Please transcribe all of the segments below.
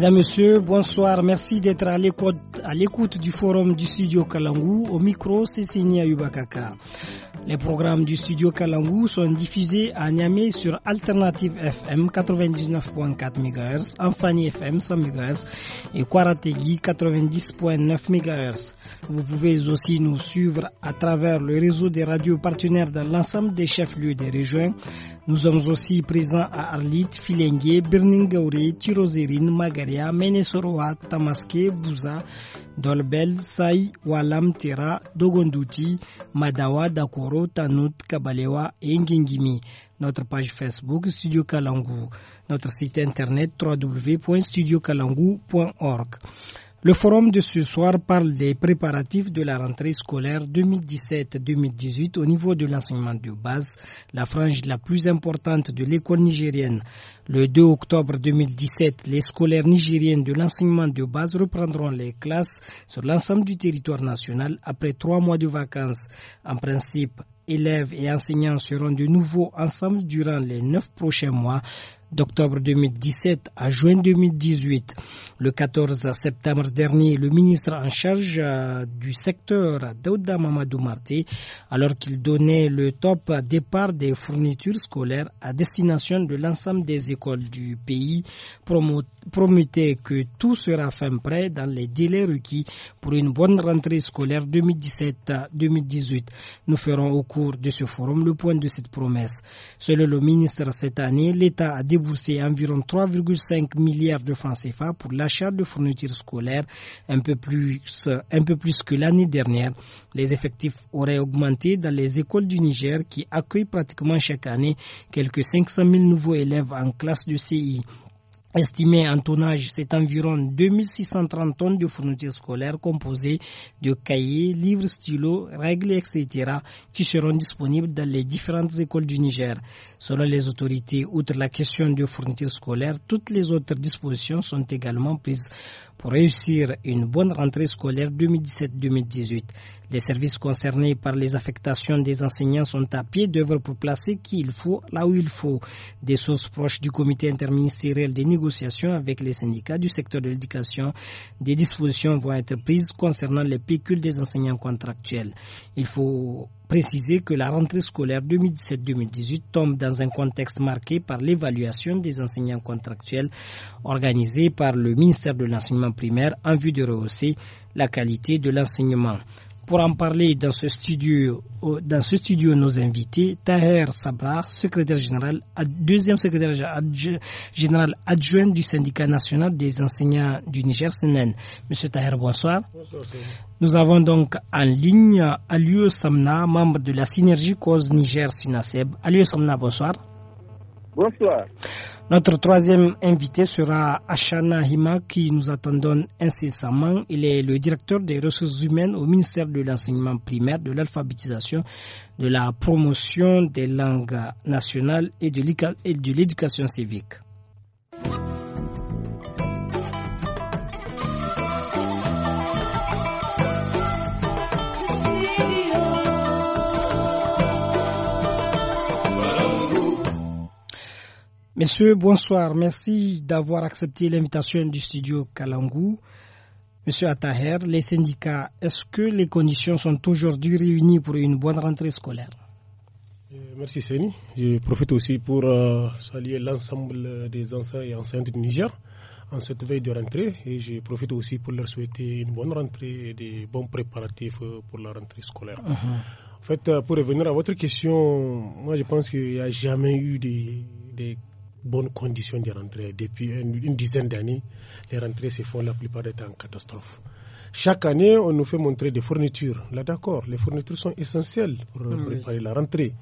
Mesdames, Messieurs, bonsoir. Merci d'être à l'écoute du forum du studio Kalangou. Au micro, c'est Yubakaka. Les programmes du studio Kalangu sont diffusés à Niamey sur Alternative FM 99.4 MHz, Amphani FM 100 MHz et Kwarategi 90.9 MHz. Vous pouvez aussi nous suivre à travers le réseau des radios partenaires dans l'ensemble des chefs-lieux des régions. Nous sommes aussi présents à Arlit, Filengue, Birningaure, Tirozérine, Magaria, Menesoroa, Tamaské, Bouza, Dolbel, Saï, Walam, Tera, Dogonduti, Madawa, Dakor, Soro, Kabalewa et Notre page Facebook Studio Kalangu. Notre site internet www.studiokalangu.org. Le forum de ce soir parle des préparatifs de la rentrée scolaire 2017-2018 au niveau de l'enseignement de base, la frange la plus importante de l'école nigérienne. Le 2 octobre 2017, les scolaires nigériens de l'enseignement de base reprendront les classes sur l'ensemble du territoire national après trois mois de vacances. En principe, élèves et enseignants seront de nouveau ensemble durant les neuf prochains mois d'octobre 2017 à juin 2018. Le 14 septembre dernier, le ministre en charge euh, du secteur, Daouda Mamadou Marti, alors qu'il donnait le top départ des fournitures scolaires à destination de l'ensemble des écoles du pays, promettait que tout sera fin prêt dans les délais requis pour une bonne rentrée scolaire 2017-2018. Nous ferons au cours de ce forum le point de cette promesse. Selon le ministre, cette année, l'État a environ 3,5 milliards de francs CFA pour l'achat de fournitures scolaires, un peu plus, un peu plus que l'année dernière. Les effectifs auraient augmenté dans les écoles du Niger qui accueillent pratiquement chaque année quelques 500 000 nouveaux élèves en classe de CI estimé en tonnage, c'est environ 2630 tonnes de fournitures scolaires composées de cahiers, livres, stylos, règles, etc., qui seront disponibles dans les différentes écoles du Niger. Selon les autorités, outre la question de fournitures scolaires, toutes les autres dispositions sont également prises pour réussir une bonne rentrée scolaire 2017-2018. Les services concernés par les affectations des enseignants sont à pied d'œuvre pour placer qui il faut là où il faut. Des sources proches du comité interministériel des négociations avec les syndicats du secteur de l'éducation, des dispositions vont être prises concernant les pécules des enseignants contractuels. Il faut préciser que la rentrée scolaire 2017-2018 tombe dans un contexte marqué par l'évaluation des enseignants contractuels organisée par le ministère de l'enseignement primaire en vue de rehausser la qualité de l'enseignement. Pour en parler dans ce studio, dans ce studio nos invités, Taher Sabra, secrétaire général, deuxième secrétaire général adjoint du syndicat national des enseignants du Niger, SNN. Monsieur Taher, bonsoir. bonsoir. Nous avons donc en ligne Aliou Samna, membre de la synergie cause Niger-Sinaseb. Aliou Samna, bonsoir. Bonsoir. Notre troisième invité sera Ashana Hima, qui nous attendons incessamment. Il est le directeur des ressources humaines au ministère de l'enseignement primaire, de l'alphabétisation, de la promotion des langues nationales et de l'éducation civique. Monsieur, bonsoir. Merci d'avoir accepté l'invitation du studio Kalangou. Monsieur Ataher, les syndicats, est-ce que les conditions sont aujourd'hui réunies pour une bonne rentrée scolaire euh, Merci Séni. Je profite aussi pour euh, saluer l'ensemble des enseignants et enceintes du Niger en cette veille de rentrée et je profite aussi pour leur souhaiter une bonne rentrée et des bons préparatifs euh, pour la rentrée scolaire. Uh-huh. En fait, pour revenir à votre question, moi je pense qu'il n'y a jamais eu des, des bonnes conditions de rentrée. Depuis une, dizaine d'années, les rentrées se font la plupart des temps en catastrophe. Chaque année, on nous fait montrer des fournitures. Là, d'accord, les fournitures sont essentielles pour ah préparer la rentrée.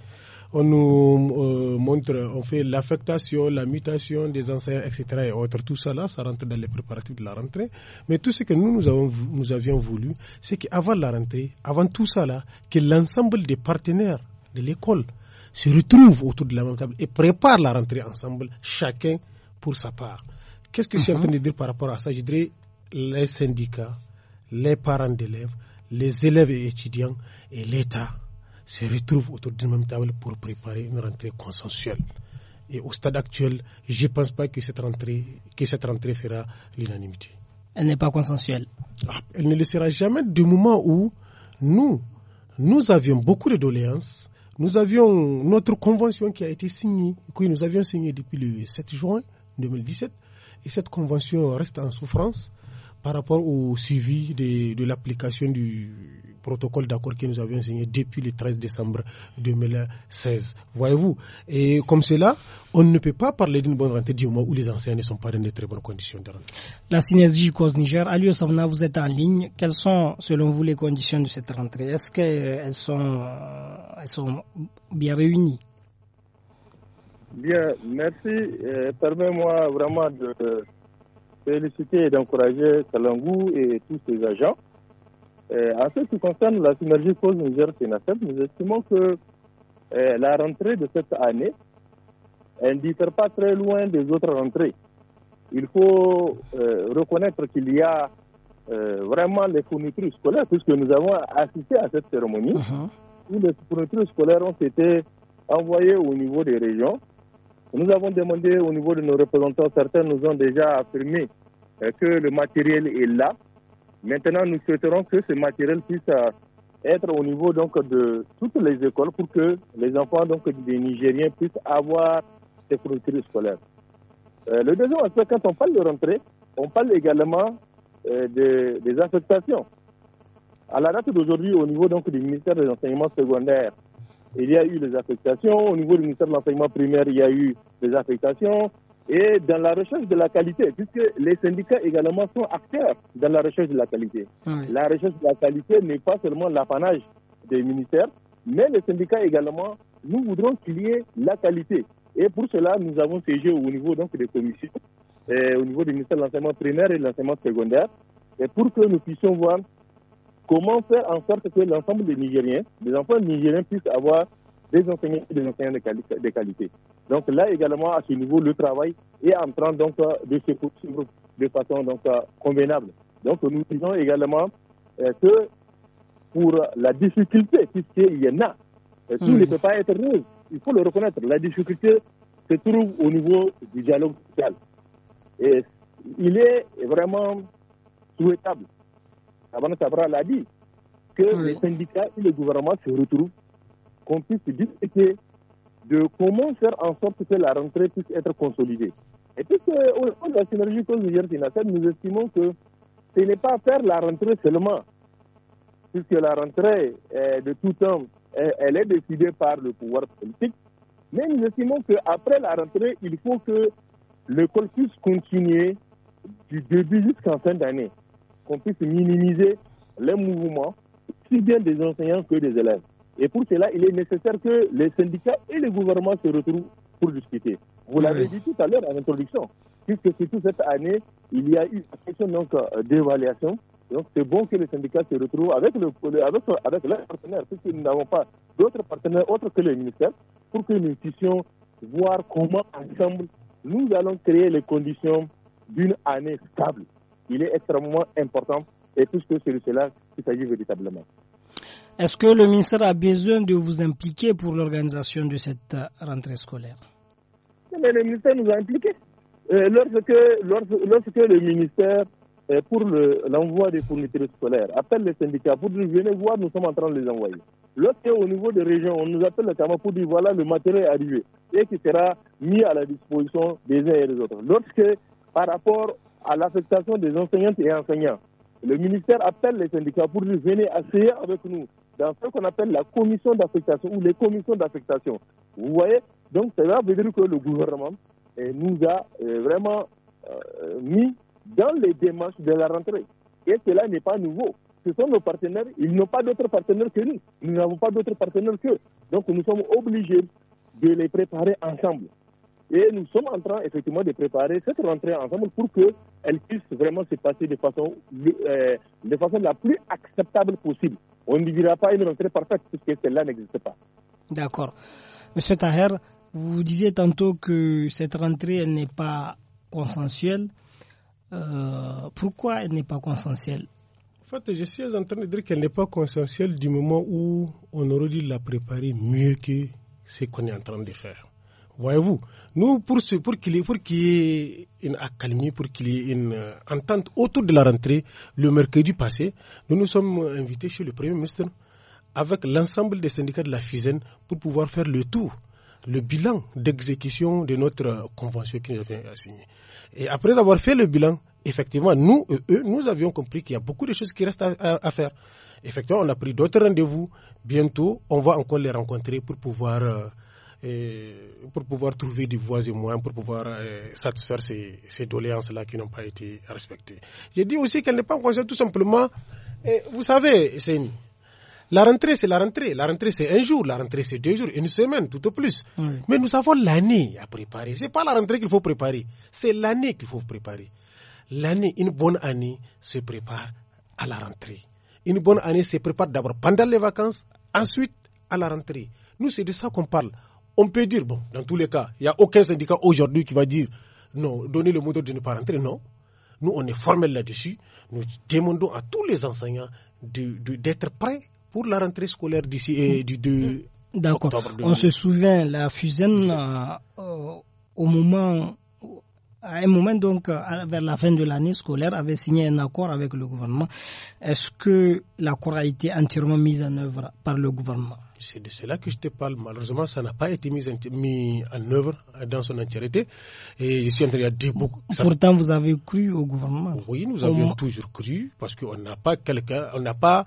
On nous euh, montre, on fait l'affectation, la mutation des enseignants, etc. et autres. Tout ça ça rentre dans les préparatifs de la rentrée. Mais tout ce que nous, nous avions voulu, c'est qu'avant la rentrée, avant tout ça que l'ensemble des partenaires de l'école, se retrouvent autour de la même table et préparent la rentrée ensemble, chacun pour sa part. Qu'est-ce que je suis en mhm. train de dire par rapport à ça Je dirais les syndicats, les parents d'élèves, les élèves et étudiants et l'État se retrouvent autour d'une même table pour préparer une rentrée consensuelle. Et au stade actuel, je ne pense pas que cette rentrée, que cette rentrée fera l'unanimité. Elle n'est pas consensuelle. Ah, elle ne le sera jamais du moment où nous, nous avions beaucoup de doléances nous avions notre convention qui a été signée, que nous avions signée depuis le 7 juin 2017, et cette convention reste en souffrance par rapport au suivi de, l'application du protocole d'accord que nous avions signé depuis le 13 décembre 2016. Voyez-vous Et comme cela, on ne peut pas parler d'une bonne rentrée du moment où les anciens ne sont pas dans de très bonnes conditions de rentrée. La synergie cause Niger, Aliou Samna, vous êtes en ligne. Quelles sont, selon vous, les conditions de cette rentrée Est-ce qu'elles euh, sont, euh, elles sont bien réunies Bien, merci. Euh, Permets-moi vraiment de féliciter et d'encourager Salangou et tous ses agents. Euh, en ce qui concerne la synergie cause niger nous estimons que euh, la rentrée de cette année elle ne diffère pas très loin des autres rentrées. Il faut euh, reconnaître qu'il y a vraiment les fournitures scolaires, puisque nous avons assisté à cette cérémonie, uh-huh. où les fournitures scolaires ont été envoyées au niveau des régions. Nous avons demandé au niveau de nos représentants, certains nous ont déjà affirmé euh, que le matériel est là. Maintenant, nous souhaiterons que ce matériel puisse euh, être au niveau donc de toutes les écoles pour que les enfants donc des Nigériens puissent avoir ces fournitures scolaires. Euh, le deuxième aspect, quand on parle de rentrée, on parle également des affectations. À la date d'aujourd'hui, au niveau donc du ministère de l'Enseignement secondaire, il y a eu des affectations. Au niveau du ministère de l'enseignement primaire, il y a eu des affectations et dans la recherche de la qualité, puisque les syndicats également sont acteurs dans la recherche de la qualité. Ah la recherche de la qualité n'est pas seulement l'apanage des ministères, mais les syndicats également, nous voudrons qu'il y ait la qualité. Et pour cela, nous avons siégé au niveau donc, des commissions, au niveau des ministères de l'enseignement primaire et de l'enseignement secondaire, et pour que nous puissions voir comment faire en sorte que l'ensemble des Nigériens, des enfants nigériens puissent avoir des enseignants et des enseignants de, qualité. Donc là également, à ce niveau, le travail est en train donc, euh, de se de façon donc, euh, convenable. Donc nous disons également euh, que pour la difficulté, puisqu'il y en a, tout ne peut pas être rose, il faut le reconnaître. La difficulté se trouve au niveau du dialogue social. Et il est vraiment souhaitable, Avant Sabra l'a dit, que les syndicats et le gouvernement se retrouvent qu'on puisse discuter de comment faire en sorte que la rentrée puisse être consolidée. Et puisque de la synergie cause nous estimons que ce n'est pas faire la rentrée seulement, puisque la rentrée de tout temps, elle est décidée par le pouvoir politique, mais nous estimons qu'après la rentrée, il faut que le puisse continuer du début jusqu'en fin d'année, qu'on puisse minimiser les mouvements, si bien des enseignants que des élèves. Et pour cela, il est nécessaire que les syndicats et le gouvernement se retrouvent pour discuter. Vous l'avez dit tout à l'heure en introduction, puisque surtout cette année, il y a eu une question euh, d'évaluation. Donc c'est bon que les syndicats se retrouvent avec, avec, leurs partenaires, puisque nous n'avons pas d'autres partenaires autres que le ministère, pour que nous puissions voir comment ensemble nous allons créer les conditions d'une année stable. Il est extrêmement important et tout c'est de cela qu'il s'agit véritablement. Est-ce que le ministère a besoin de vous impliquer pour l'organisation de cette euh, rentrée scolaire mais Le ministère nous a impliqués. Euh, lorsque, le ministère, euh, pour l'envoi des fournitures scolaires, appelle les syndicats pour dire venez voir, nous sommes en train de les envoyer. Lorsque, au niveau des régions, on nous appelle notamment pour dire voilà, le matériel est arrivé et qui sera mis à la disposition des uns et des autres. Lorsque, par rapport à l'affectation des enseignantes et enseignants, le ministère appelle les syndicats pour dire venez essayer avec nous dans ce qu'on appelle la commission d'affectation ou les commissions d'affectation. Vous voyez Donc, cela veut dire que le gouvernement eh, nous a eh, vraiment euh, mis dans les démarches de la rentrée. Et cela n'est pas nouveau. Ce sont nos partenaires. Ils n'ont pas d'autres partenaires que nous. Nous n'avons pas d'autres partenaires qu'eux. Donc, nous sommes obligés de les préparer ensemble. Et nous sommes en train effectivement de préparer cette rentrée ensemble pour qu'elle puisse vraiment se passer de façon, euh, de la plus acceptable possible. On ne dira pas une rentrée parfaite puisque celle-là n'existe pas. D'accord. Monsieur Taher, vous disiez tantôt que cette rentrée, elle n'est pas consensuelle. Euh, pourquoi elle n'est pas consensuelle En fait, je suis en train de dire qu'elle n'est pas consensuelle du moment où on aurait dû la préparer mieux que ce qu'on est en train de faire. Voyez-vous, nous, pour, pour qu'il y, ait une accalmie, pour qu'il y ait une euh, entente autour de la rentrée, le mercredi passé, nous nous sommes invités chez le Premier ministre avec l'ensemble des syndicats de la FISEN pour pouvoir faire le tour, le bilan d'exécution de notre euh, convention qui nous avait signée. Et après avoir fait le bilan, effectivement, nous, euh, eux, nous avions compris qu'il y a beaucoup de choses qui restent à, faire. Effectivement, on a pris d'autres rendez-vous. Bientôt, on va encore les rencontrer pour pouvoir pour pouvoir trouver des voies et moyens pour pouvoir euh, satisfaire ces, doléances-là qui n'ont pas été respectées. J'ai dit aussi qu'elle n'est pas en tout simplement, vous savez, c'est La rentrée, c'est la rentrée. La rentrée, c'est un jour. La rentrée, c'est deux jours, une semaine, tout au plus. Mais nous avons l'année à préparer. Ce n'est pas la rentrée qu'il faut préparer. C'est l'année qu'il faut préparer. L'année, une bonne année se prépare à la rentrée. Une bonne année se prépare d'abord pendant les vacances, ensuite à la rentrée. Nous, c'est de ça qu'on parle on peut dire, bon, dans tous les cas, il n'y a aucun syndicat aujourd'hui qui va dire non, donnez le mot de ne pas rentrer, non. Nous, on est formel là-dessus. Nous demandons à tous les enseignants d'être prêts pour la rentrée scolaire d'ici et euh, du D'accord. On se souvient, la fusaine, euh, au moment, à un moment donc, vers la fin de l'année scolaire, avait signé un accord avec le gouvernement. Est-ce que l'accord a été entièrement mis en œuvre par le gouvernement c'est de cela que je te parle. Malheureusement, ça n'a pas été mis en, œuvre dans son entièreté. Et je suis dire beaucoup. Pourtant, vous avez cru au gouvernement. Oui, nous avions toujours cru parce qu'on n'a pas quelqu'un, on n'a pas,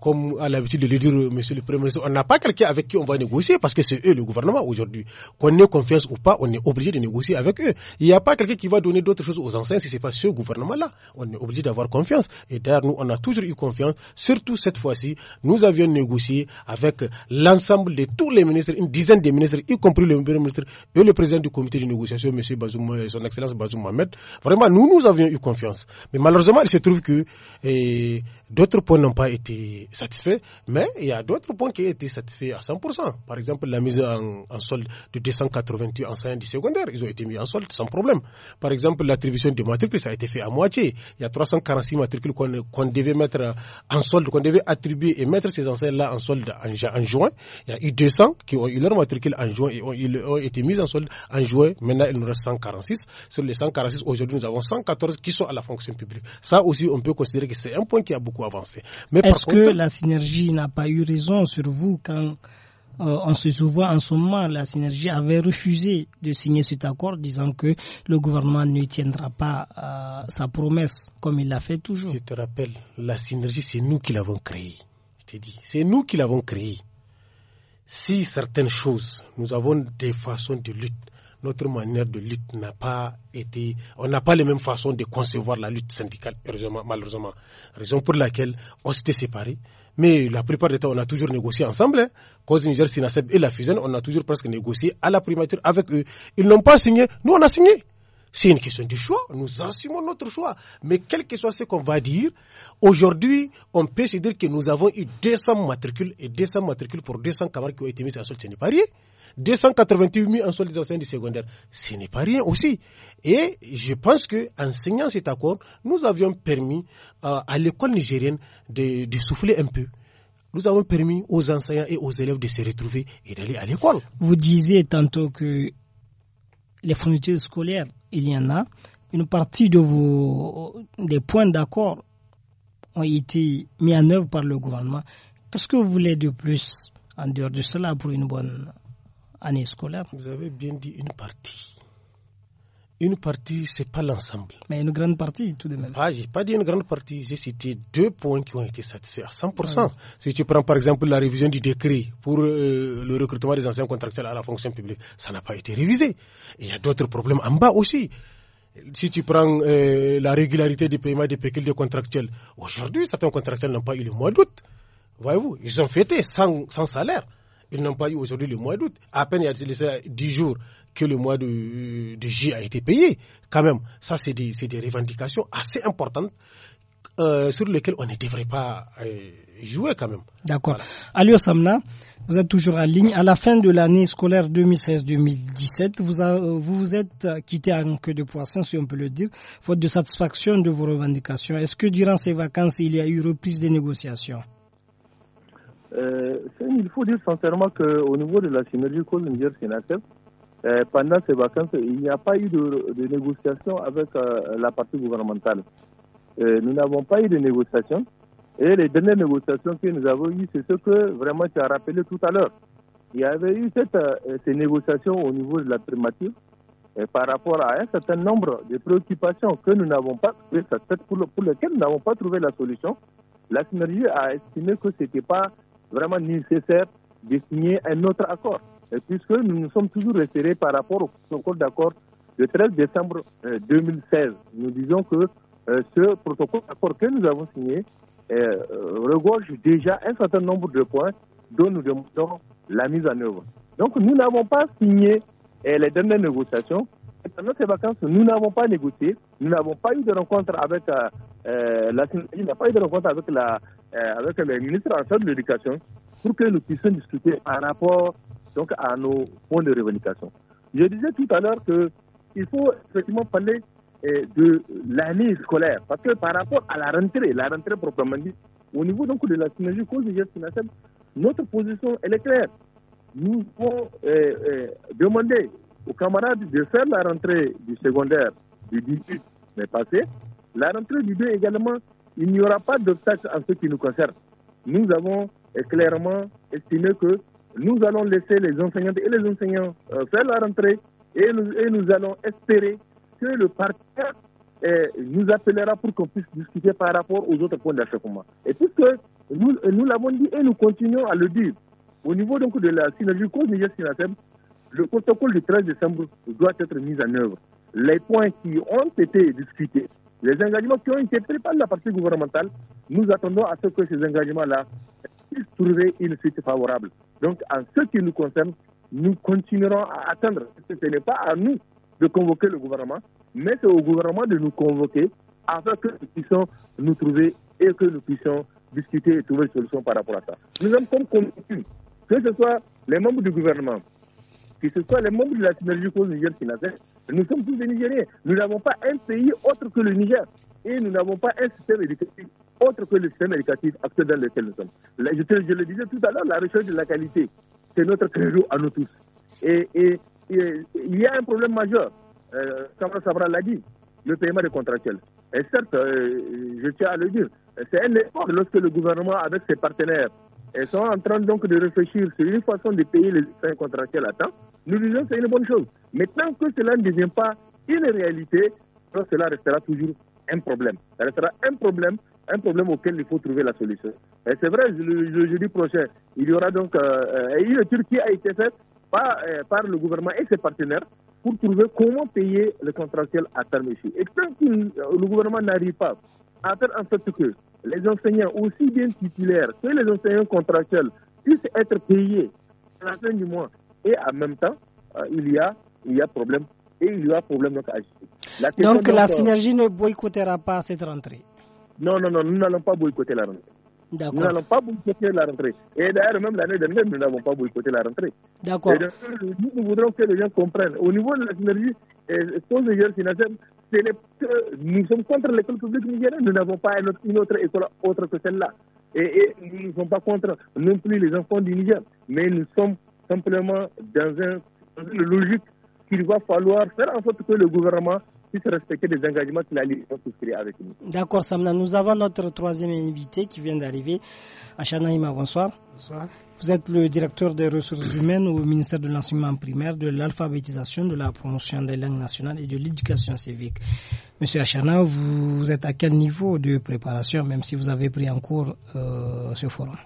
comme à l'habitude de le dire, monsieur le Premier ministre, on n'a pas quelqu'un avec qui on va négocier parce que c'est eux le gouvernement aujourd'hui. Qu'on ait confiance ou pas, on est obligé de négocier avec eux. Il n'y a pas quelqu'un qui va donner d'autres choses aux anciens si ce n'est pas ce gouvernement-là. On est obligé d'avoir confiance. Et d'ailleurs, nous, on a toujours eu confiance. Surtout cette fois-ci, nous avions négocié avec l'ensemble de tous les ministres, une dizaine de ministres, y compris le premier ministre et le président du comité de négociation, M. Bazoum, euh, son Excellence Bazoum Mohamed. Vraiment, nous, nous avions eu confiance. Mais malheureusement, il se trouve que euh, d'autres points n'ont pas été satisfaits, mais il y a d'autres points qui ont été satisfaits à 100%. Par exemple, la mise en, solde de 288 enseignants du secondaire, ils ont été mis en solde sans problème. Par exemple, l'attribution des matricules, ça a été fait à moitié. Il y a 346 matricules qu'on devait mettre en solde, qu'on devait attribuer et mettre ces enseignants-là en solde en, en juin. Il y a eu 200 qui ont eu leur matricule en juin et ont, ont été mis en solde en juin. Maintenant, il nous reste 146. Sur les 146, aujourd'hui, nous avons 114 qui sont à la fonction publique. Ça aussi, on peut considérer que c'est un point qui a beaucoup avancé. Mais est-ce que la synergie n'a pas eu raison sur vous quand euh, on se souvient en ce moment, la synergie avait refusé de signer cet accord, disant que le gouvernement ne tiendra pas euh, sa promesse, comme il l'a fait toujours. Je te rappelle, la synergie, c'est nous qui l'avons créée c'est nous qui l'avons créé. Si certaines choses, nous avons des façons de lutte, notre manière de lutte n'a pas été, on n'a pas les mêmes façons de concevoir la lutte syndicale, malheureusement. Raison pour laquelle on s'était séparés. Mais la plupart des temps, on a toujours négocié ensemble. Hein. Cause Niger, Sinaseb et la Fusen, on a toujours presque négocié à la primature avec eux. Ils n'ont pas signé. Nous, on a signé. C'est une question de choix. Nous assumons notre choix. Mais quel que soit ce qu'on va dire, aujourd'hui, on peut se dire que nous avons eu 200 matricules et 200 matricules pour 200 camarades qui ont été mis en solde. Ce n'est pas rien. 288 000 en solde des enseignants du secondaire. Ce n'est pas rien aussi. Et je pense qu'en signant cet accord, nous avions permis euh, à, l'école nigérienne de, de souffler un peu nous avons permis aux enseignants et aux élèves de se retrouver et d'aller à l'école. Vous disiez tantôt que les fournitures scolaires il y en a. Une partie de vos, des points d'accord ont été mis en œuvre par le gouvernement. Qu'est-ce que vous voulez de plus en dehors de cela pour une bonne année scolaire Vous avez bien dit une partie. Une partie, ce n'est pas l'ensemble. Mais une grande partie, tout de même. Ah, je n'ai pas dit une grande partie, j'ai cité deux points qui ont été satisfaits à 100%. Ah si tu prends par exemple la révision du décret pour euh, le recrutement des anciens contractuels à la fonction publique, ça n'a pas été révisé. Il y a d'autres problèmes en bas aussi. Si tu prends euh, la régularité des paiements des pécules de contractuels, aujourd'hui, certains contractuels n'ont pas eu le mois d'août. Voyez-vous, ils ont fêté sans, sans salaire. Ils n'ont pas eu aujourd'hui le mois d'août. À peine il y a 10 jours que le mois de, de J a été payé. Quand même, ça, c'est des, revendications assez importantes euh, sur lesquelles on ne devrait pas euh, jouer quand même. D'accord. Voilà. Samna, vous êtes toujours en ligne. À la fin de l'année scolaire 2016-2017, vous, euh, vous vous êtes quitté en queue de poisson, si on peut le dire, faute de satisfaction de vos revendications. Est-ce que durant ces vacances, il y a eu reprise des négociations euh, il faut dire sincèrement qu'au niveau de la synergie niger euh, pendant ces vacances, il n'y a pas eu de, négociations négociation avec euh, la partie gouvernementale. nous n'avons pas eu de négociation. Et les dernières négociations que nous avons eues, c'est ce que vraiment tu as rappelé tout à l'heure. Il y avait eu cette, ces négociations au niveau de la primature par rapport à un certain nombre de préoccupations que nous n'avons pas, pour, pour lesquelles nous n'avons pas trouvé la solution. La synergie a estimé que ce n'était pas vraiment nécessaire de signer un autre accord. puisque nous nous sommes toujours référés par rapport au protocole d'accord du 13 décembre 2016, euh, nous disons que euh, ce protocole d'accord que nous avons signé euh, regorge déjà un certain nombre de points dont nous demandons la mise en œuvre. Donc nous n'avons pas signé les dernières négociations. Et pendant ces vacances, nous n'avons pas négocié, nous n'avons pas eu de rencontre avec la pas eu de rencontre avec la euh, avec les ministres en charge de l'éducation pour que nous puissions discuter en rapport donc, à nos points de revendication. Je disais tout à l'heure qu'il faut effectivement parler euh, de l'année scolaire, parce que par rapport à la rentrée, la rentrée proprement dit, au niveau donc de la synergie cause financière notre position est claire. Nous devons euh, euh, demander aux camarades de faire la rentrée du secondaire du 18 mai passé, la rentrée du 2 également il n'y aura pas d'obstacle en ce qui nous concerne. Nous avons clairement estimé que nous allons laisser les enseignantes et les enseignants euh, faire la rentrée et nous, allons espérer que le partenaire euh, nous appellera pour qu'on puisse discuter par rapport aux autres points d'achoppement. Et puisque nous, euh, nous l'avons dit et nous continuons à le dire, au niveau donc de la synergie cause niger le protocole du 13 décembre doit être mis en œuvre. Les points qui ont été discutés les engagements qui ont été pris par la partie gouvernementale, nous attendons à ce que ces engagements-là puissent trouver une suite favorable. Donc, en ce qui nous concerne, nous continuerons à attendre. Ce n'est pas à nous de convoquer le gouvernement, mais c'est au gouvernement de nous convoquer afin que nous puissions nous trouver et que nous puissions discuter et trouver une solution par rapport à ça. Nous sommes convaincus que ce soit les membres du gouvernement, que ce soit les membres de la synergie cause financière, nous sommes tous des Nigériens. Nous n'avons pas un pays autre que le Niger. Et nous n'avons pas un système éducatif autre que le système éducatif actuel dans lequel nous sommes. je, le disais tout à l'heure, la recherche de la qualité, c'est notre credo à nous tous. Et, il y a un problème majeur. Euh, Sabra l'a dit, le paiement des contractuels. Et certes, euh, je tiens à le dire, c'est un effort lorsque le gouvernement, avec ses partenaires, elles sont en train donc de réfléchir sur une façon de payer les fins contractuels à temps. Nous disons que c'est une bonne chose. Mais tant que cela ne devient pas une réalité, cela restera toujours un problème. Ça restera un problème, un problème auquel il faut trouver la solution. Et c'est vrai, le, jeudi prochain, il y aura donc euh, euh, une étude qui a été faite par, euh, par le gouvernement et ses partenaires pour trouver comment payer le contractuel à terme ici. Et tant que le gouvernement n'arrive pas à faire en sorte que les enseignants, aussi bien titulaires que les enseignants contractuels, puissent être payés à la fin du mois. Et en même temps, euh, il, y a, problème. Et il y a problème donc à la Donc, la euh, synergie ne boycottera pas cette rentrée Non, non, non, nous n'allons pas boycotter la rentrée. Nous n'allons pas boycotter la rentrée. Et d'ailleurs, même l'année dernière, nous n'avons pas boycotté la rentrée. D'accord. Nous, nous voudrons que les gens comprennent. Au niveau de la synergie, que nous sommes contre l'école publique nigérienne. Nous n'avons pas une autre, école autre que celle-là. Et, nous ne sommes pas contre non plus les enfants du Niger. Mais nous sommes simplement dans, un, dans une logique qu'il va falloir faire en sorte que le gouvernement puisse respecter les engagements qu'il a souscrits avec nous. D'accord, Samna. Nous avons notre troisième invité qui vient d'arriver, Achana Bonsoir. Bonsoir. Vous êtes le directeur des ressources humaines au ministère de l'enseignement primaire, de l'alphabétisation, de la promotion des langues nationales et de l'éducation civique. Monsieur Achana, vous, êtes à quel niveau de préparation, même si vous avez pris en cours euh, ce forum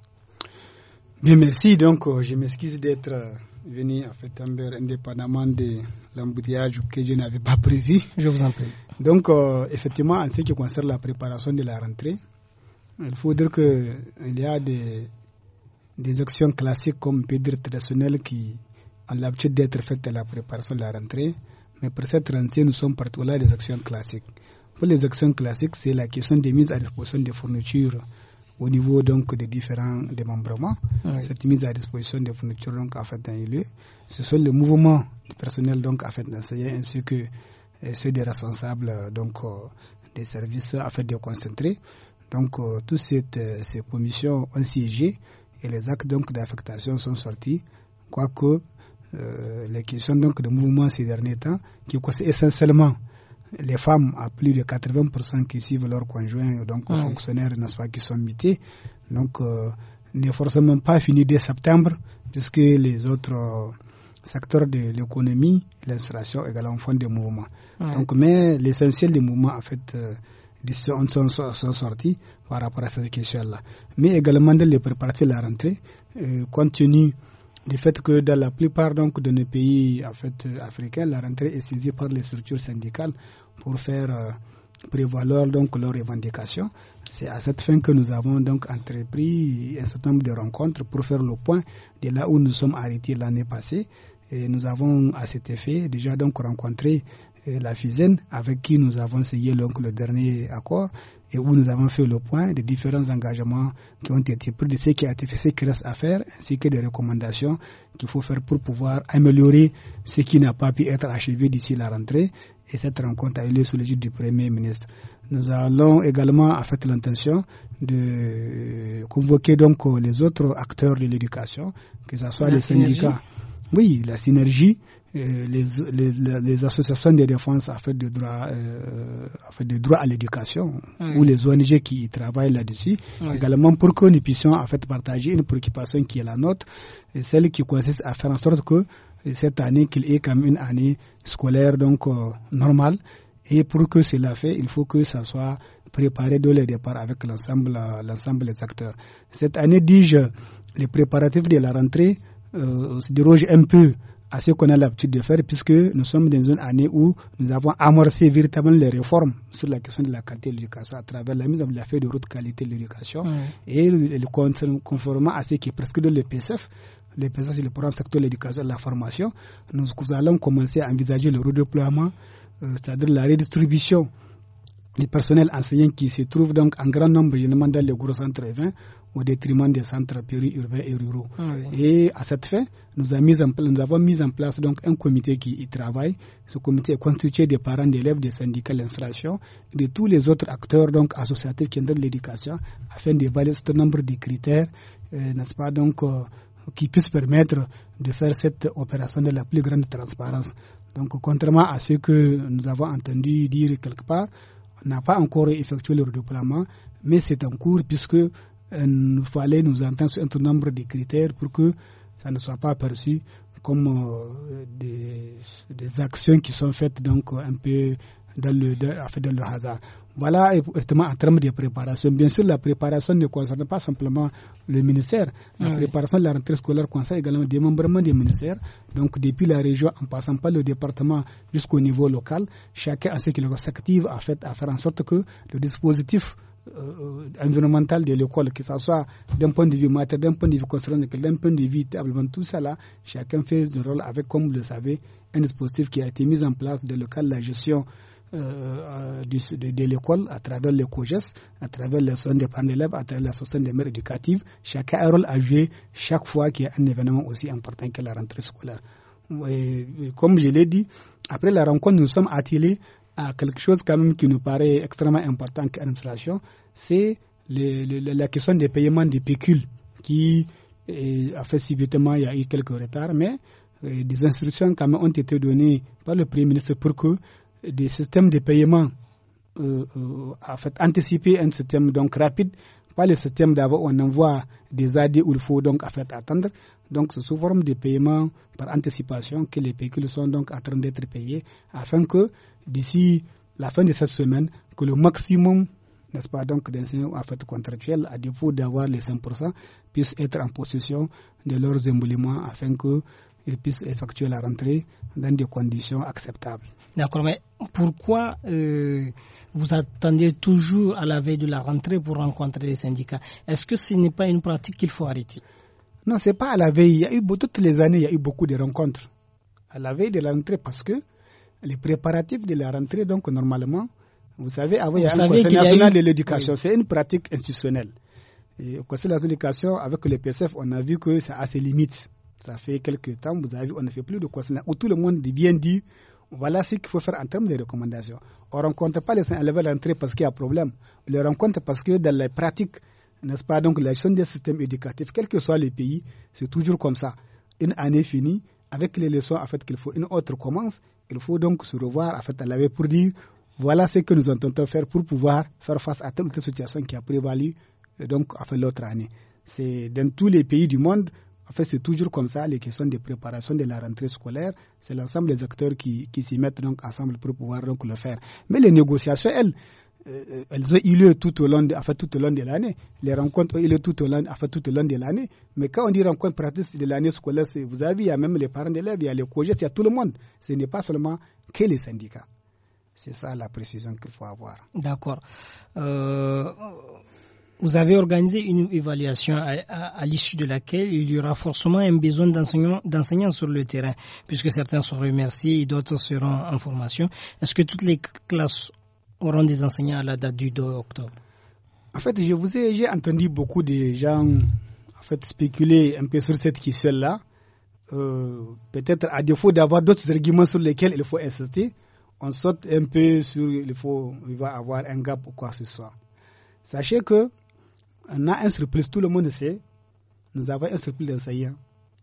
merci. Donc, euh, je m'excuse d'être. Euh, Venir à Fetember indépendamment de l'embouteillage que je n'avais pas prévu. Je vous en prie. Donc, euh, effectivement, en ce qui concerne la préparation de la rentrée, il faut dire qu'il y a des, actions classiques, comme on traditionnel qui ont l'habitude d'être faites à la préparation de la rentrée. Mais pour cette rentrée, nous sommes partout là des actions classiques. Pour les actions classiques, c'est la question des mises à disposition des fournitures au niveau donc des différents démembrements, cette mise à disposition des fournitures donc en fait dans les lieux, ce sont les mouvements du personnel donc à fait d'enseigner ainsi que euh, ceux des responsables euh, donc euh, des services afin fait de concentrer. Donc toutes cette, ces commissions ont siégé et les actes donc d'affectation sont sortis, quoique les questions donc de mouvement ces derniers temps qui concernent essentiellement les femmes à plus de 80% qui suivent leurs conjoints, donc mm. fonctionnaires, nest pas, qui sont mutés. Donc, euh, n'est forcément pas fini dès septembre, puisque les autres euh, secteurs de l'économie, l'administration également font des mouvements. Donc, mais l'essentiel des mouvements, en fait, euh, sont, sortis par rapport à cette question-là. Mais également de les préparer de la rentrée, compte tenu du fait que dans la plupart donc, de nos pays en fait, africains, la rentrée est saisie par les structures syndicales pour faire euh, prévaloir donc leurs revendications. C'est à cette fin que nous avons donc entrepris un certain nombre de rencontres pour faire le point de là où nous sommes arrêtés l'année passée. Et nous avons à cet effet déjà donc rencontré la FISEN, avec qui nous avons signé donc, le dernier accord et où nous avons fait le point des différents engagements qui ont été pris, de ce qui a été fait, ce qui reste à faire, ainsi que des recommandations qu'il faut faire pour pouvoir améliorer ce qui n'a pas pu être achevé d'ici la rentrée. Et cette rencontre a eu lieu sous l'égide du Premier ministre. Nous allons également, avec l'intention de convoquer donc les autres acteurs de l'éducation, que ce soit les syndicats. Oui, la synergie, euh, les, les, les, associations de défense en fait, de droit, euh, à l'éducation ou les ONG qui travaillent là-dessus, également pour que nous puissions en fait, partager une préoccupation qui est la nôtre, et celle qui consiste à faire en sorte que euh, cette année qu'il ait comme une année scolaire donc normale et pour que cela fait, il faut que ça soit préparé dès le départ avec l'ensemble l'ensemble des acteurs. Cette année, dis-je, les préparatifs de la rentrée se dérogent un peu à ce qu'on a l'habitude de faire, puisque nous sommes dans une année où nous avons amorcé véritablement les réformes sur la question de la qualité de l'éducation à travers la mise en place de route qualité de l'éducation et le, conformément à ce qui est prescrit dans le PSF. Le c'est le programme secteur de l'éducation et de la formation. Nous, allons commencer à envisager le redéploiement, euh, c'est-à-dire la redistribution les personnels enseignants qui se trouvent donc en grand nombre dans les gros centres urbains au détriment des centres périurbains et ruraux. Ah et à cette fin, nous, mis nous, avons mis en place donc un comité qui y travaille. Ce comité est constitué des parents d'élèves, des syndicats d'infraction, de tous les autres acteurs donc associatifs qui entrent l'éducation, afin d'évaluer ce nombre de critères, euh, n'est-ce pas, donc, euh, qui puissent permettre de faire cette opération de la plus grande transparence. Donc, contrairement à ce que nous avons entendu dire quelque part, n'a pas encore effectué le redéploiement, mais c'est en cours puisque il euh, fallait nous entendre sur un certain nombre de critères pour que ça ne soit pas perçu comme euh, des, actions qui sont faites donc euh, un peu dans le hasard. Voilà justement, en termes de préparation. Bien sûr, la préparation ne concerne pas simplement le ministère. La ah préparation de la rentrée scolaire concerne également des membres des ministères. Donc, depuis la région, en passant par le département jusqu'au niveau local, chacun a ce qu'il s'active en fait, à faire en sorte que le dispositif euh, euh, environnemental de l'école, que ce soit d'un point de vue matériel, d'un point de vue concernant, d'un point de vue table, tout cela, chacun fait son rôle avec, comme vous le savez, un dispositif qui a été mis en place de le de la gestion euh, euh, de, l'école, à travers les COGES, à travers les soins des parents d'élèves, à travers l'association des mères éducatives. Chacun a un rôle à jouer chaque fois qu'il y a un événement aussi important que la rentrée scolaire. comme je l'ai dit, après la rencontre, nous sommes attelés à quelque chose qui nous paraît extrêmement important c'est la question des paiements des pécules qui eh, a fait subitement, il y a eu quelques retards, mais eh, des instructions même ont été données par le Premier ministre pour que des systèmes de paiement euh, euh en fait, anticiper un système donc rapide, pas le système d'avoir on envoie des AD où il faut donc fait attendre. Donc c'est sous forme de paiement par anticipation que les véhicules sont donc en train d'être payés afin que d'ici la fin de cette semaine, que le maximum n'est-ce pas, donc d'enseignants à fait contractuels, à défaut d'avoir les 5%, puissent être en possession de leurs émoluments afin qu'ils puissent effectuer la rentrée dans des conditions acceptables. D'accord, mais pourquoi euh, vous attendiez toujours à la veille de la rentrée pour rencontrer les syndicats Est-ce que ce n'est pas une pratique qu'il faut arrêter Non, ce n'est pas à la veille. Il y a eu, toutes les années, il y a eu beaucoup de rencontres. À la veille de la rentrée, parce que les préparatifs de la rentrée, donc normalement, vous savez, avant, il y a Conseil national de l'éducation. C'est une pratique institutionnelle. Et au Conseil national de l'éducation, avec le PSF, on a vu que ça a ses limites. Ça fait quelques temps, vous avez vu, on ne fait plus de Conseil national tout le monde vient dit. Voilà ce qu'il faut faire en termes de recommandations. On ne rencontre pas les élèves à l'entrée parce qu'il y a problème. On les rencontre parce que dans les pratiques, n'est-ce pas, donc l'action des systèmes éducatifs, quel que soit le pays, c'est toujours comme ça. Une année finie, avec les leçons en fait qu'il faut, une autre commence, il faut donc se revoir en fait à pour dire voilà ce que nous entendons faire pour pouvoir faire face à telle ou telle situation qui a prévalu euh, donc fait l'autre année. C'est dans tous les pays du monde, en fait, c'est toujours comme ça, les questions de préparation de la rentrée scolaire, c'est l'ensemble des acteurs qui, qui s'y mettent donc ensemble pour pouvoir donc le faire. Mais les négociations, elles, euh, elles ont eu lieu tout au long de, tout au long de l'année. Les rencontres ont eu lieu tout au long, fait tout au de l'année. Mais quand on dit rencontre pratique de l'année scolaire, vous avez, il y a même les parents d'élèves, il y a les projets, il y a tout le monde. Ce n'est pas seulement que les syndicats. C'est ça la précision qu'il faut avoir. D'accord. Euh, vous avez organisé une évaluation à, l'issue de laquelle il y aura forcément un besoin d'enseignants sur le terrain, puisque certains sont remerciés et d'autres seront en formation. Est-ce que toutes les classes auront des enseignants à la date du 2 octobre En fait, je vous ai, j'ai entendu beaucoup de gens en fait, spéculer un peu sur cette question-là. Euh, peut-être à défaut d'avoir d'autres arguments sur lesquels il faut insister, on saute un peu sur il faut il va avoir un gap ou quoi que ce soit. Sachez que on a un surplus, tout le monde sait. Nous avons un surplus d'enseignants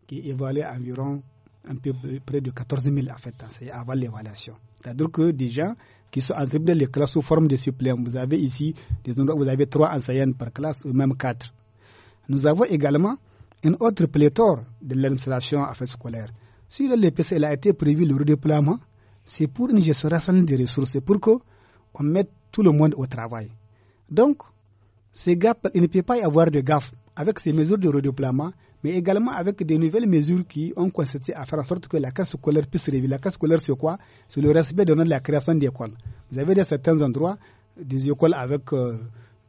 qui évalue environ un peu près de 14 000 en fait, enseignants avant l'évaluation. C'est-à-dire que des gens qui sont entrés dans les classes sous forme de suppléants, vous avez ici, des vous avez trois enseignants par classe ou même quatre. Nous avons également une autre pléthore de l'administration affaires scolaire. Sur le LPC, il a été prévu le redéploiement. C'est pour une gestion rationnelle des ressources, c'est pour qu'on mette tout le monde au travail. Donc, ces gaps, il ne peut pas y avoir de gaffe avec ces mesures de redéploiement, mais également avec des nouvelles mesures qui ont consisté à faire en sorte que la casse scolaire puisse réveiller La casse scolaire, c'est quoi Sur le respect de la création d'écoles. Vous avez dans certains endroits des écoles avec euh,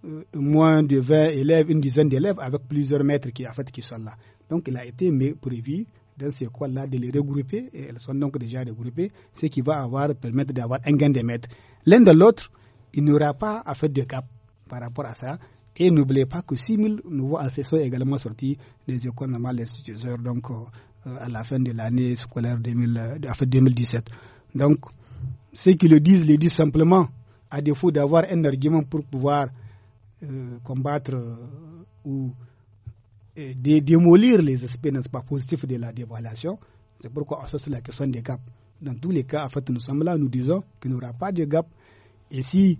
euh, moins de 20 élèves, une dizaine d'élèves, avec plusieurs maîtres qui, en fait, qui sont là. Donc, il a été prévu dans ces écoles-là de les regrouper, et elles sont donc déjà regroupées, ce qui va avoir, permettre d'avoir un gain de mètres. L'un de l'autre, il n'y aura pas à faire de cap par rapport à ça. Et n'oubliez pas que 6000 nouveaux AC sont également sortis des écoles normales donc, euh, à la fin de l'année scolaire 2017. Euh, donc, ceux qui le disent, le disent simplement à défaut d'avoir un argument pour pouvoir euh, combattre ou démolir les aspects, nest pas, positifs de la dévaluation. C'est pourquoi on c'est la question des gaps. Dans tous les cas, en fait, nous sommes là, nous disons qu'il n'y aura pas de gap. Et si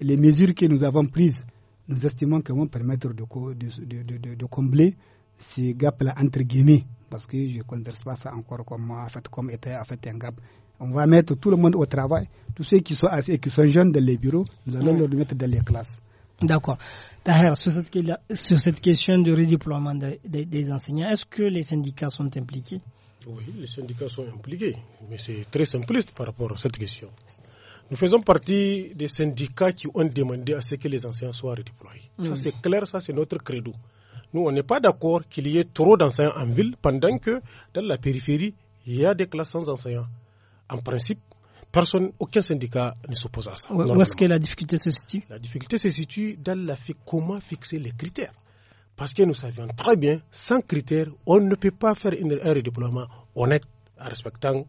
les mesures que nous avons prises nous estimons qu'elles vont permettre de, combler ces gaps-là, entre guillemets, parce que je ne considère pas ça encore comme, en fait, comme était fait un gap. On va mettre tout le monde au travail, tous ceux qui sont qui sont jeunes dans les bureaux, nous allons les mettre dans les classes. D'accord. D'ailleurs, sur, cette, question du redéploiement des enseignants, est-ce que les syndicats sont impliqués Oui, les syndicats sont impliqués, mais c'est très simpliste par rapport à cette question. Nous faisons partie des syndicats qui ont demandé à ce que les enseignants soient redéployés. Ça, hmm. c'est clair, ça, c'est notre credo. Nous, on n'est pas d'accord qu'il y ait trop d'enseignants en ville pendant que dans la périphérie, il y a des classes sans enseignants. En principe, personne, aucun syndicat ne s'oppose à ça. Où, est-ce que la difficulté se situe La difficulté se situe dans la comment fixer les critères. Parce que nous savions très bien, sans critères, on ne peut pas faire un redéploiement honnête en respectant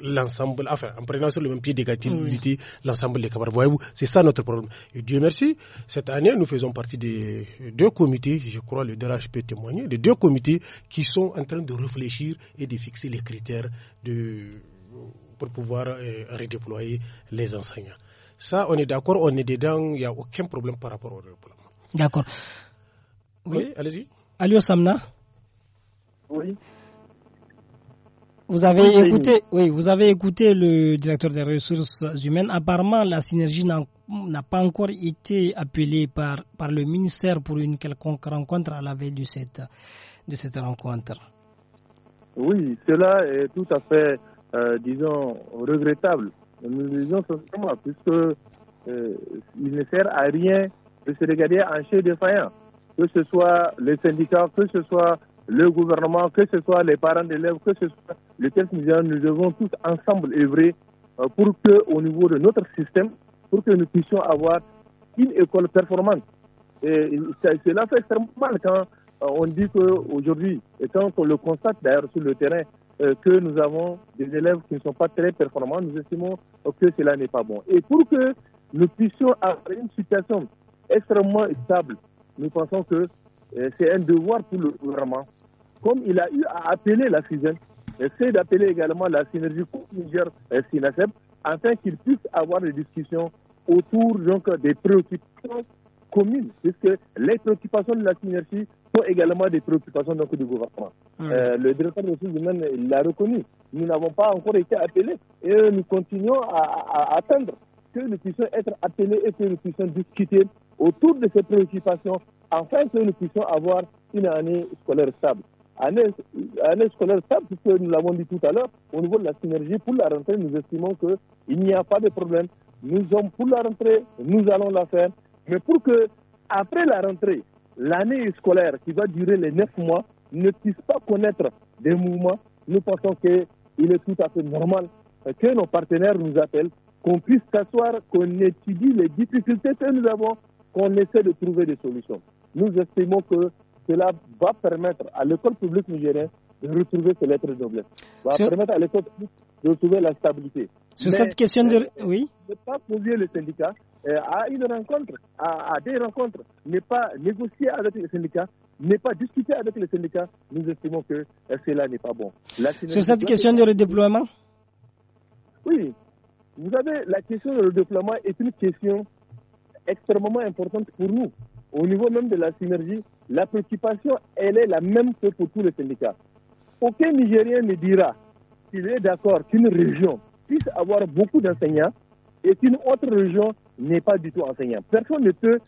l'ensemble, enfin, en prenant sur le même pied d'égalité l'ensemble des camarades. Voyez-vous, c'est ça notre problème. Dieu merci, cette année, nous faisons partie des deux comités, je crois, le DRH peut témoigner, des deux comités qui sont en train de réfléchir et de fixer les critères de, pour pouvoir euh, redéployer les enseignants. Ça, on est d'accord, on est dedans, il n'y a aucun problème par rapport au problème D'accord. Oui, allez-y. Allô, Samna Oui. Vous avez écouté, oui, vous avez écouté le directeur des ressources humaines. Apparemment, la synergie n'a pas encore été appelée par, par le ministère pour une quelconque rencontre à la veille de cette, de cette rencontre. Oui, cela est tout à fait, euh, disons, regrettable. Nous disons simplement, puisque euh, il ne sert à rien de se regarder en chef défaillant, que ce soit les syndicats, que ce soit le gouvernement, que ce soit les parents d'élèves, que ce soit les techniciens, nous devons tous ensemble œuvrer euh, pour que, au niveau de notre système, pour que nous puissions avoir une école performante. Et cela fait extrêmement mal quand euh, on dit qu'aujourd'hui, et quand on le constate d'ailleurs sur le terrain, euh, que nous avons des élèves qui ne sont pas très performants, nous estimons que cela n'est pas bon. Et pour que nous puissions avoir une situation extrêmement stable, nous pensons que c'est un devoir pour le gouvernement comme il a eu à appeler la fusion, essaie d'appeler également la synergie Niger-Sinacep afin qu'il puissent avoir des discussions autour donc, des préoccupations communes, puisque les préoccupations de la synergie sont également des préoccupations donc, du gouvernement. Mmh. Euh, le directeur de la humaines l'a reconnu. Nous n'avons pas encore été appelés et nous continuons à, à attendre que nous puissions être appelés et que nous puissions discuter autour de ces préoccupations afin que nous puissions avoir une année scolaire stable année, scolaire stable, puisque nous l'avons dit tout à l'heure, au niveau de la synergie, pour la rentrée, nous estimons qu'il n'y a pas de problème. Nous sommes pour la rentrée, nous allons la faire. Mais pour que, après la rentrée, l'année scolaire qui va durer les neuf mois ne puisse pas connaître des mouvements, nous pensons qu'il est tout à fait normal que nos partenaires nous appellent, qu'on puisse s'asseoir, qu'on étudie les difficultés que nous avons, qu'on essaie de trouver des solutions. Nous estimons que cela va permettre à l'école publique nigérienne de retrouver ses lettres de noblesse, va permettre à l'école publique de retrouver la stabilité. Sur cette question de... Euh, oui Ne pas poser le syndicat euh, à une rencontre, à, des rencontres, ne pas négocier avec le syndicat, ne pas discuter avec le syndicat. nous estimons que euh, cela n'est pas bon. Sur cette question de redéploiement Oui. Vous savez, la question de redéploiement est une question extrêmement importante pour nous. Au niveau même de la synergie, la préoccupation, elle est la même que pour tous les syndicats. Aucun Nigérien ne dira qu'il est d'accord qu'une région puisse avoir beaucoup d'enseignants et qu'une autre région n'est pas du tout enseignant. Personne ne peut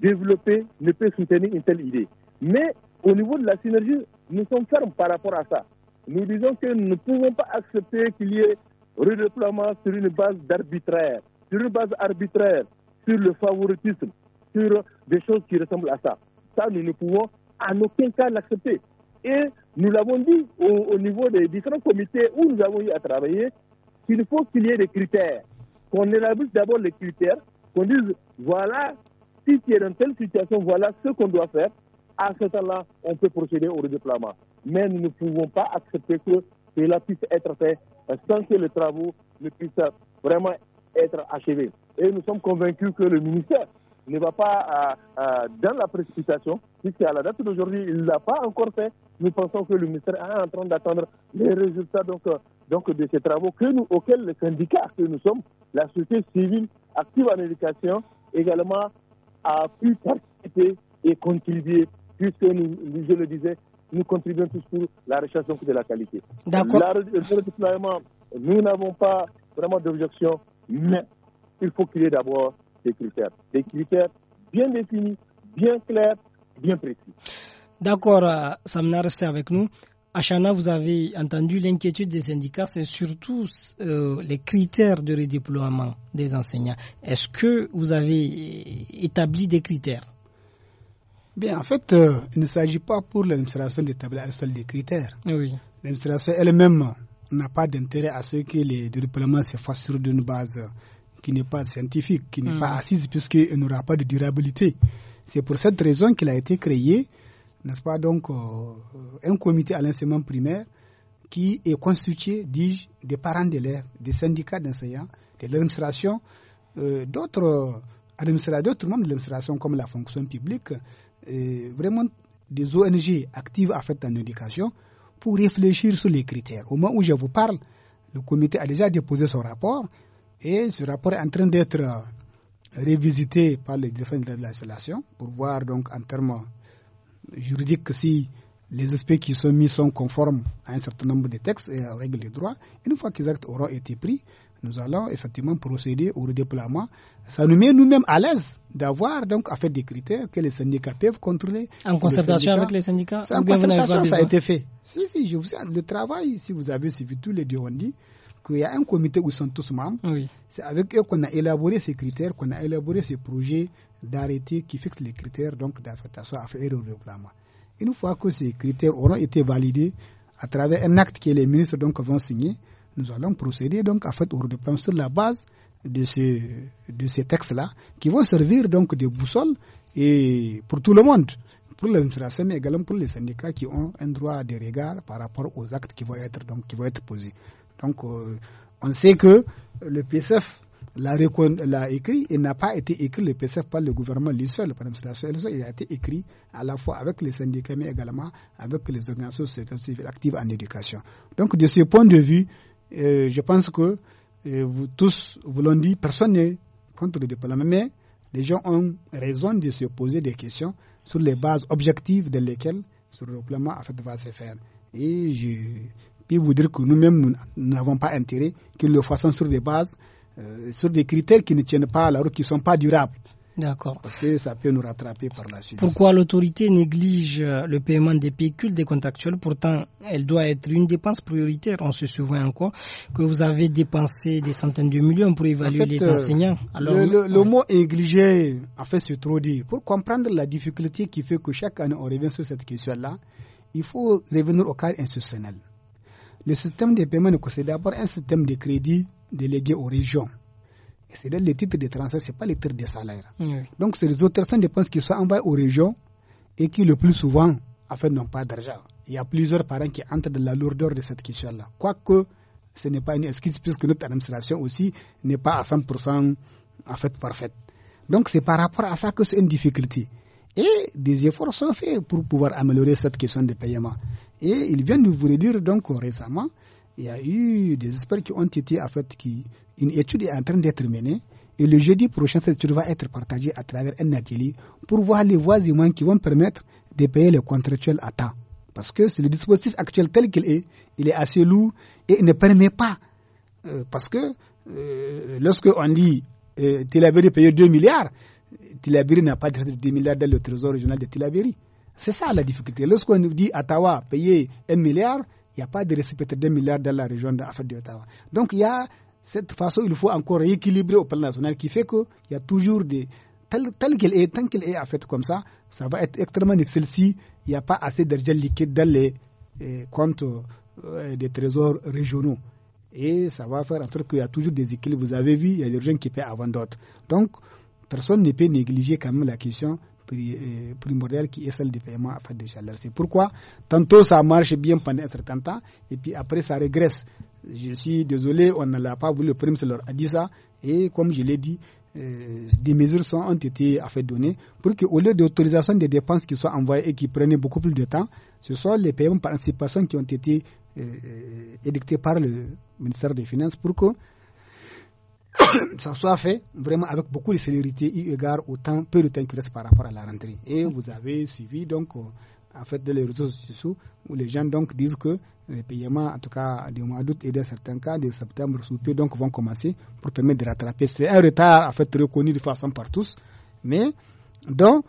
développer, ne peut soutenir une telle idée. Mais au niveau de la synergie, nous sommes fermes par rapport à ça. Nous disons que nous ne pouvons pas accepter qu'il y ait redéploiement sur une base d'arbitraire, sur une base arbitraire, sur le favoritisme, sur des choses qui ressemblent à ça. Ça, nous ne pouvons en aucun cas l'accepter. Et nous l'avons dit au, niveau des différents comités où nous avons eu à travailler, qu'il faut qu'il y ait des critères. Qu'on élabore d'abord les critères, qu'on dise, voilà, si tu es dans telle situation, voilà ce qu'on doit faire. À ce temps-là, on peut procéder au redéploiement. Mais nous ne pouvons pas accepter que cela puisse être fait sans que les travaux ne puissent vraiment être achevés. Et nous sommes convaincus que le ministère ne va pas euh, euh, dans la précipitation, à la date d'aujourd'hui, il ne l'a pas encore fait. Nous pensons que le ministère est en train d'attendre les résultats donc, euh, donc de ces travaux que nous, auxquels le syndicat que nous sommes, la société civile active en éducation, également a pu participer et contribuer, puisque nous, je le disais, nous contribuons tous pour la recherche donc, de la qualité. D'accord. Nous n'avons pas vraiment d'objection, mais il faut qu'il y ait d'abord des critères. bien définis, bien clairs, bien précis. D'accord, euh, Samna, restez avec nous. Achana, vous avez entendu l'inquiétude des syndicats, c'est surtout euh, les critères de redéploiement des enseignants. Est-ce que vous avez euh, établi des critères Bien, en fait, il ne s'agit pas pour l'administration d'établir à des critères. Oui. L'administration elle-même n'a pas d'intérêt à ce que les déploiements se fassent sur une base qui n'est pas scientifique, qui n'est pas mm. assise, puisqu'il n'aura pas de durabilité. C'est pour cette raison qu'il a été créé, n'est-ce pas, donc, euh, un comité à l'enseignement primaire qui est constitué, dis je des parents d'élèves, des syndicats d'enseignants, de l'administration, euh, d'autres euh, d'autres membres de l'administration comme la fonction publique, vraiment des ONG actives à fait en éducation pour réfléchir sur les critères. Au moment où je vous parle, le comité a déjà déposé son rapport. Et ce rapport est en train d'être euh, révisité par les la législation pour voir donc en termes juridiques si les aspects qui sont mis sont conformes à un certain nombre de textes et aux règles de droit. Une fois que les actes auront été pris, nous allons effectivement procéder au redéploiement. Ça nous met nous-mêmes à l'aise d'avoir donc à faire des critères que les syndicats peuvent contrôler. En concertation avec les syndicats En concertation, ça a été fait. Si, si, je vous le travail, si vous avez suivi tous les deux, on dit, qu'il y a un comité où sont tous membres. C'est avec eux qu'on a élaboré ces critères, qu'on a élaboré ces projets d'arrêté qui fixent les critères d'affectation à faire au développement. Une fois que ces critères auront été validés à travers un acte que les ministres donc vont signer, nous allons procéder donc à faire au redéploiement sur la base de, ces textes-là qui vont servir donc de boussole et pour tout le monde pour les institutions, mais également pour les syndicats qui ont un droit de regard par rapport aux actes qui qui vont être posés. Donc, euh, on sait que le PSF l'a écrit et n'a pas été écrit le PSF par le gouvernement lui seul, par il a été écrit à la fois avec les syndicats mais également avec les organisations civiles actives en éducation. Donc de ce point de vue, euh, je pense que euh, vous tous vous l'ont dit, personne n'est contre le déploiement, mais les gens ont raison de se poser des questions sur les bases objectives de lesquelles ce déploiement va se faire. Et je, puis vous dire que nous-mêmes, nous n'avons pas intérêt que nous le fassions sur des bases, euh, sur des critères qui ne tiennent pas à la route, qui ne sont pas durables. D'accord. Parce que ça peut nous rattraper par la suite. Pourquoi l'autorité néglige le paiement des pécules des contractuels Pourtant, elle doit être une dépense prioritaire. On se souvient encore que vous avez dépensé des centaines de millions pour évaluer les euh, enseignants. le, mot négliger, a fait, se trop dire. Pour comprendre la difficulté qui fait que chaque année on revient sur cette question-là, il faut revenir au cadre institutionnel. Le système de paiement c'est d'abord un système de crédit délégué aux régions. Et c'est dire les titres de transfert, ce n'est pas les titres de salaire. Donc, c'est les autres sans dépenses qui sont envoyées aux régions et qui, le plus souvent, n'ont pas d'argent. Il y a plusieurs parents qui entrent dans la lourdeur de cette question-là. Quoique, ce n'est pas une excuse puisque notre administration aussi n'est pas à 100% en fait parfaite. Donc, c'est par rapport à ça que c'est une difficulté. Et des efforts sont faits pour pouvoir améliorer cette question de paiement. Et il vient de vous le dire donc récemment, il y a eu des experts qui ont été en fait qui une étude est en train d'être menée et le jeudi prochain cette étude va être partagée à travers un pour voir les voies qui vont permettre de payer le actuel à temps. Parce que le dispositif actuel tel qu'il est, il est assez lourd et il ne permet pas. Euh, parce que euh, lorsque on dit euh, Tilaberi payer 2 milliards, Tilaberi n'a pas de 2 milliards dans le trésor régional de Tilaberi. C'est ça la difficulté. Lorsqu'on nous dit Ottawa, payer un milliard, il n'y a pas de récipiétaire d'un milliard dans la région d'Ottawa. Donc il y a cette façon, il faut encore rééquilibrer au plan national qui fait qu'il y a toujours des. Tel, tel est, tant qu'il est en fait comme ça, ça va être extrêmement difficile si il n'y a pas assez d'argent liquide dans les eh, comptes eh, des trésors régionaux. Et ça va faire en sorte qu'il y a toujours des équilibres. Vous avez vu, il y a des gens qui paient avant d'autres. Donc, personne ne peut négliger quand même la question eh, primordial qui est celle du paiement à faire de chaleur. C'est pourquoi tantôt ça marche bien pendant un certain temps et puis après ça régresse. Je suis désolé, on ne l'a pas voulu, le Premier leur a dit ça et comme je l'ai dit, euh, des mesures sont, ont été à fait données pour qu'au lieu d'autorisation des dépenses qui soient envoyées et qui prenaient beaucoup plus de temps, ce soit les paiements par anticipation qui ont été euh, euh, édictés par le ministère des Finances pour que ça soit fait vraiment avec beaucoup de célérité, eu égard au temps, peu de temps qui reste par rapport à la rentrée. Et mhm. vous avez suivi donc, euh, en fait, les réseaux sociaux où les gens donc disent que les paiements, en tout cas du mois d'août et dans certains cas de septembre donc vont commencer pour permettre de rattraper. C'est un retard en fait reconnu de façon par tous, mais dont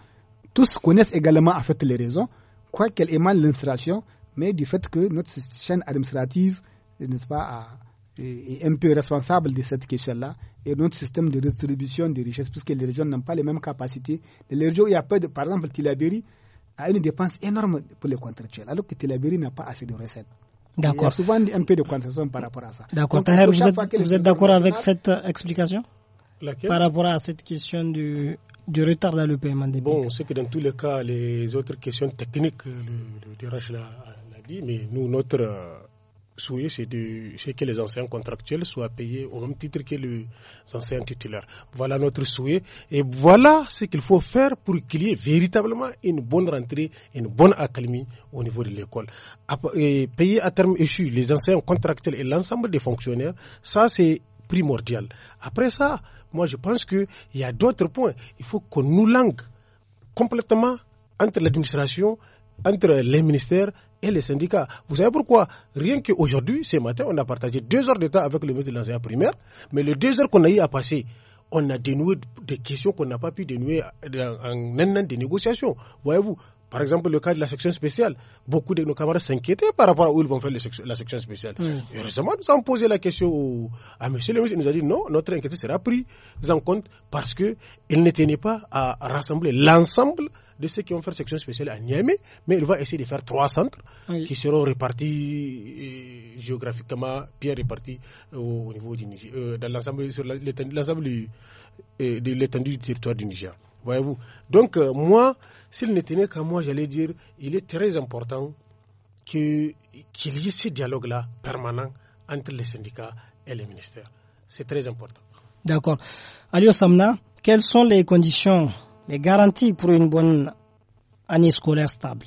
tous connaissent également en fait les raisons, quoi qu'elle émane l'administration, mais du fait que notre chaîne administrative, n'est-ce pas, est un peu responsable de cette question-là et notre système de distribution des richesses, puisque les régions n'ont pas les mêmes capacités. Les régions, il y a peu de, par exemple, Tilaberi a une dépense énorme pour les contractuels, alors que Tilaberi n'a pas assez de recettes. D'accord. Il y a souvent un peu de contraction par rapport à ça. D'accord. vous êtes, d'accord avec cette explication Par rapport à cette question du, retard dans le paiement des Bon, sait que dans tous les cas, les autres questions techniques, le, le DRH l'a dit, mais nous, notre euh, souhait, c'est que les anciens contractuels soient payés au même titre que les anciens titulaires. Voilà notre souhait et voilà ce qu'il faut faire pour qu'il y ait véritablement une bonne rentrée, une bonne accalmie au niveau de l'école. Payer à terme échu les anciens contractuels et l'ensemble des fonctionnaires, ça c'est primordial. Après ça, moi je pense qu'il y a d'autres points. Il faut qu'on nous langue complètement entre l'administration, entre les ministères et les syndicats. Vous savez pourquoi Rien qu'aujourd'hui, ce matin, on a partagé deux heures de temps avec le ministre de l'enseignement primaire, mais les deux heures qu'on a eu à passer, on a dénoué des questions qu'on n'a pas pu dénouer en un an de négociations. Voyez-vous, par exemple, le cas de la section spéciale, beaucoup de nos camarades s'inquiétaient par rapport à où ils vont faire la section spéciale. Et récemment, nous avons posé la question à M. le ministre. Il nous a dit non, notre inquiétude sera prise en compte parce qu'il ne tenait pas à rassembler l'ensemble de ceux qui vont faire section spéciale à Niamey, mais il va essayer de faire trois centres qui seront répartis euh, géographiquement, bien répartis euh, au, niveau du euh, dans l'ensemble de l'étendue du territoire du Niger. Voyez-vous Donc, moi, s'il ne tenait qu'à moi, j'allais dire, il est très important qu'il y ait ce dialogue-là permanent entre les syndicats et les ministères. C'est très important. D'accord. Alio Samna, quelles sont les conditions les garanties pour une bonne année scolaire stable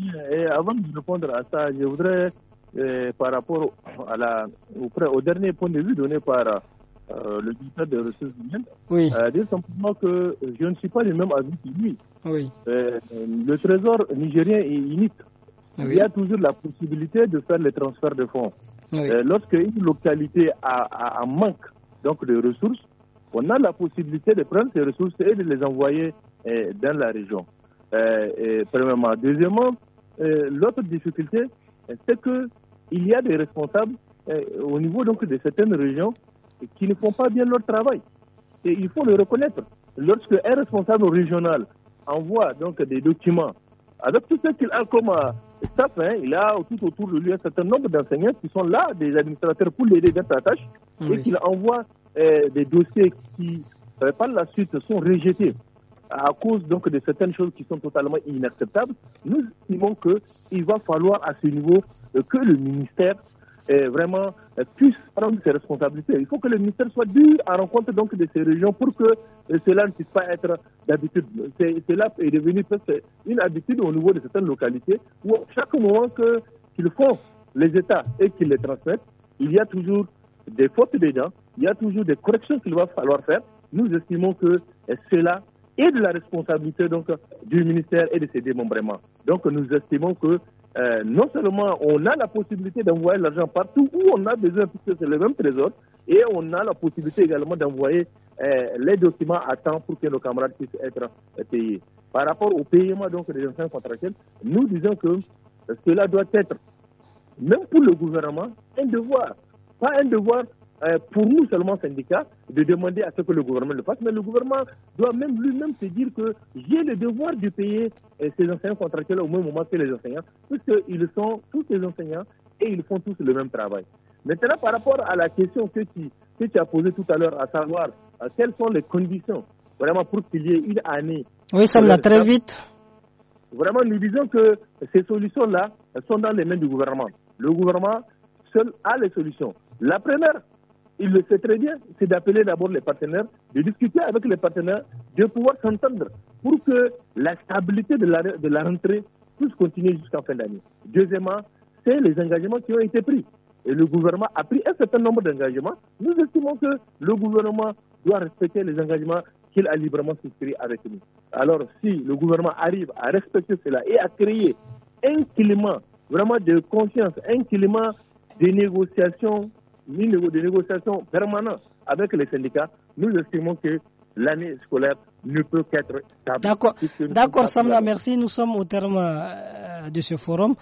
eh, eh, avant de répondre à ça, je voudrais, eh, par rapport à la, au, dernier point de vue donné par euh, le ministère des Ressources humaines, euh, dire simplement que je ne suis pas du même avis que lui. le trésor nigérien est unique. Il y a toujours la possibilité de faire les transferts de fonds. Lorsqu'une localité a, un manque donc de ressources, on a la possibilité de prendre ces ressources et de les envoyer eh, dans la région. Euh, et, eh, premièrement. Deuxièmement, eh, l'autre difficulté, c'est qu'il y a des responsables au niveau donc, de certaines régions qui ne font pas bien leur travail. Et il faut le reconnaître. Lorsque un responsable régional envoie donc des documents avec tout ce qu'il a comme staff, hein, il a tout autour de lui un certain nombre d'enseignants qui sont là, des administrateurs pour l'aider dans sa tâche, ah et qu'il envoie euh, des dossiers qui, par la suite, sont rejetés à cause donc de certaines choses qui sont totalement inacceptables, nous estimons qu'il va falloir à ce niveau euh, que le ministère euh, vraiment puisse prendre ses responsabilités. Il faut que le ministère soit dû à rencontre donc de ces régions pour que cela ne puisse pas être d'habitude. Cela est devenu une habitude au niveau de certaines localités où chaque moment qu'ils font les États et qu'ils les transmettent, il y a toujours des fautes des gens, il y a toujours des corrections qu'il va falloir faire. Nous estimons que cela est de la responsabilité donc, du ministère et de ses démembrements. Donc nous estimons que euh, non seulement on a la possibilité d'envoyer l'argent partout où on a besoin, puisque c'est le même trésor, et on a la possibilité également d'envoyer euh, les documents à temps pour que nos camarades puissent être euh, payés. Par rapport au paiement donc, des enfants contractuels, nous disons que cela doit être, même pour le gouvernement, un devoir. Pas un devoir euh, pour nous seulement syndicats, de demander à ce que le gouvernement le fasse, mais le gouvernement doit même lui-même se dire que j'ai le devoir de payer euh, ces enseignants contractuels au même moment que les enseignants, puisqu'ils sont tous les enseignants et ils font tous le même travail. Maintenant, par rapport à la question que tu, que tu as posée tout à l'heure, à savoir euh, quelles sont les conditions vraiment pour qu'il y ait une année. Oui, ça me très vite. Vraiment, nous disons que ces solutions-là sont dans les mains du gouvernement. Le gouvernement seul a les solutions. La première, il le sait très bien, c'est d'appeler d'abord les partenaires, de discuter avec les partenaires, de pouvoir s'entendre pour que la stabilité de la, de la rentrée puisse continuer jusqu'en fin d'année. Deuxièmement, c'est les engagements qui ont été pris. Et le gouvernement a pris un certain nombre d'engagements. Nous estimons que le gouvernement doit respecter les engagements qu'il a librement souscrits avec nous. Alors, si le gouvernement arrive à respecter cela et à créer un climat vraiment de confiance, un climat de négociation ni niveau de négociation permanentes avec les syndicats, nous estimons que l'année scolaire ne peut qu'être stable. D'accord, D'accord Samla, merci. Nous sommes au terme euh, de ce forum.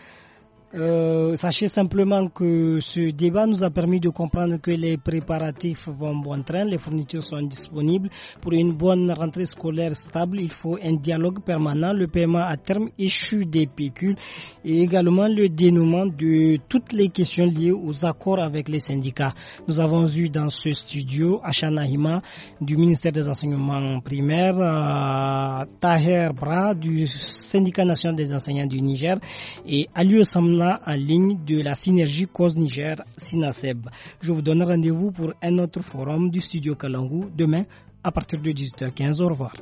Euh, sachez simplement que ce débat nous a permis de comprendre que les préparatifs vont bon train, les fournitures sont disponibles. Pour une bonne rentrée scolaire stable, il faut un dialogue permanent, le paiement à terme échu des pécules et également le dénouement de toutes les questions liées aux accords avec les syndicats. Nous avons eu dans ce studio Achana Hima du ministère des enseignements primaires, euh, Taher Bra du syndicat national des enseignants du Niger et Aliou Samna en ligne de la synergie Cause Niger Sinaseb. Je vous donne rendez-vous pour un autre forum du studio Kalangou demain à partir de 18h15. Au revoir.